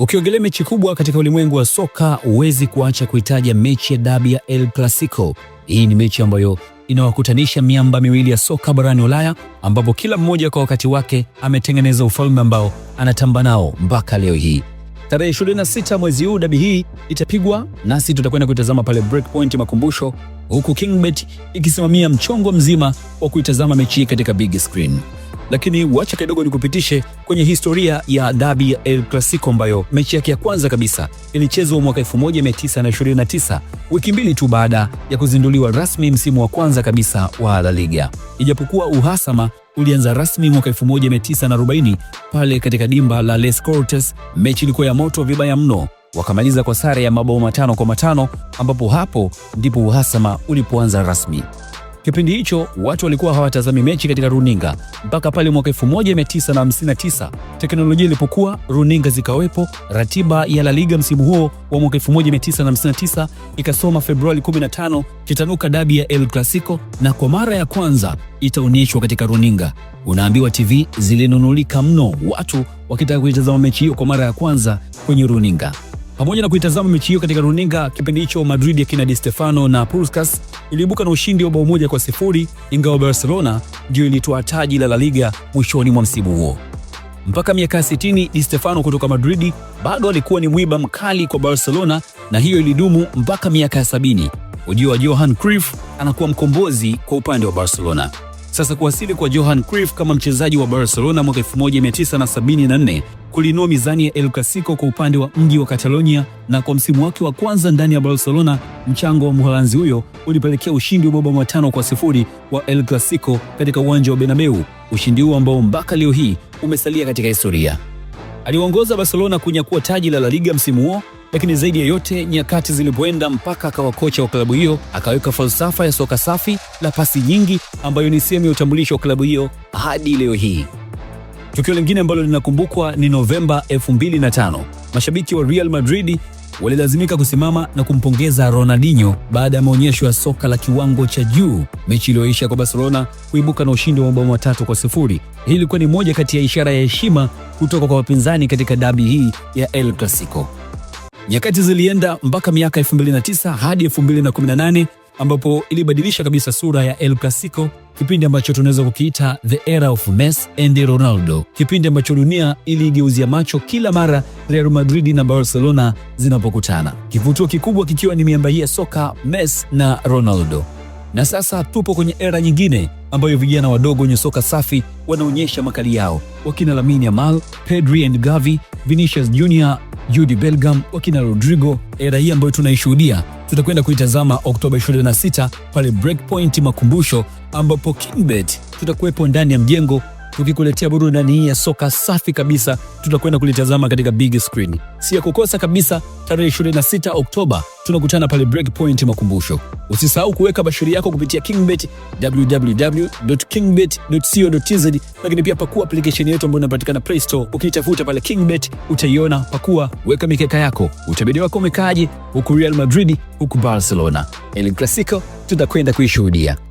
Ukiongelea mechi kubwa katika ulimwengu wa soka, huwezi kuacha kuitaja mechi ya dabi ya El Clasico. Hii ni mechi ambayo inawakutanisha miamba miwili ya soka barani Ulaya, ambapo kila mmoja kwa wakati wake ametengeneza ufalme ambao anatamba nao mpaka leo hii. Tarehe 26 mwezi huu dabi hii itapigwa, nasi tutakwenda kuitazama pale Breakpoint Makumbusho, huku KingBet ikisimamia mchongo mzima wa kuitazama mechi hii katika big screen lakini wacha kidogo nikupitishe kwenye historia ya dabi ya El Clasico ambayo mechi yake ya kwanza kabisa ilichezwa mwaka 1929 wiki mbili tu baada ya kuzinduliwa rasmi msimu wa kwanza kabisa wa La Liga. Ijapokuwa uhasama ulianza rasmi mwaka 1940 pale katika dimba la Les Cortes, mechi ilikuwa ya moto vibaya mno wakamaliza kwa sare ya mabao matano kwa matano ambapo hapo ndipo uhasama ulipoanza rasmi. Kipindi hicho watu walikuwa hawatazami mechi katika runinga mpaka pale mwaka 1959 teknolojia ilipokuwa, runinga zikawepo. Ratiba ya La Liga msimu huo wa mwaka 1959 ikasoma Februari 15 kitanuka dabi ya El Clasico, na kwa mara ya kwanza itaonyeshwa katika runinga. Unaambiwa TV zilinunulika mno, watu wakitaka kuitazama mechi hiyo kwa mara ya kwanza kwenye runinga. Pamoja na kuitazama mechi hiyo katika runinga, kipindi hicho Madrid ya kina Di Stefano na Puskas iliibuka na ushindi wa bao moja kwa sifuri ingawa Barcelona ndiyo ilitoa taji la La Liga mwishoni mwa msimu huo. Mpaka miaka 60 Di Stefano kutoka Madridi bado alikuwa ni mwiba mkali kwa Barcelona, na hiyo ilidumu mpaka miaka ya 70. Ujio wa Johan Cruyff anakuwa mkombozi kwa upande wa Barcelona. Sasa kuwasili kwa Johan Cruyff kama mchezaji wa Barcelona mwaka 1974 kuliinua mizani ya El Clasico kwa upande wa mji wa Catalonia, na kwa msimu wake wa kwanza ndani ya Barcelona, mchango wa Mholanzi huyo ulipelekea ushindi wa mabao matano kwa sifuri wa El Clasico katika uwanja wa Bernabeu, ushindi huo ambao mpaka leo hii umesalia katika historia. Aliongoza Barcelona kunyakua taji la La Liga msimu huo lakini zaidi ya yote nyakati zilipoenda mpaka akawa kocha wa klabu hiyo, akaweka falsafa ya soka safi la pasi nyingi ambayo ni sehemu ya utambulisho wa klabu hiyo hadi leo hii. Tukio lingine ambalo linakumbukwa ni Novemba 2005. Mashabiki wa Real Madrid walilazimika kusimama na kumpongeza Ronaldinho baada ya maonyesho ya soka la kiwango cha juu, mechi iliyoisha kwa Barcelona kuibuka na ushindi wa mabao matatu kwa sifuri. Hii ilikuwa ni moja kati ya ishara ya heshima kutoka kwa wapinzani katika dabi hii ya El Clasico. Nyakati zilienda mpaka miaka 2009 hadi 2018 ambapo ilibadilisha kabisa sura ya El Clasico, kipindi ambacho tunaweza kukiita the era of Messi and Ronaldo, kipindi ambacho dunia iliigeuzia macho kila mara Real Madrid na Barcelona zinapokutana, kivutio kikubwa kikiwa ni miamba hii ya soka Messi na Ronaldo. Na sasa tupo kwenye era nyingine ambayo vijana wadogo wenye soka safi wanaonyesha makali yao, wakina Lamine Yamal, Pedri and Gavi, Vinicius Junior Jude Bellingham, wakina Rodrigo, era hii ambayo tunaishuhudia tutakwenda kuitazama Oktoba 26 pale Breakpoint Makumbusho, ambapo KingBet tutakuwepo ndani ya mjengo tukikuletea burudani hii ya soka safi kabisa, tutakwenda kulitazama katika big screen. Si ya kukosa kabisa, tarehe 26 Oktoba tunakutana pale Breakpoint Makumbusho. Usisahau kuweka bashiri yako kupitia Kingbet www.kingbet.co.tz, lakini pia pakua aplikesheni yetu ambayo inapatikana playstore Ukiitafuta pale Kingbet utaiona, pakua, weka mikeka yako, utabidi wako umekaaji huku Real Madrid, huku Barcelona. El Clasico tutakwenda kuishuhudia.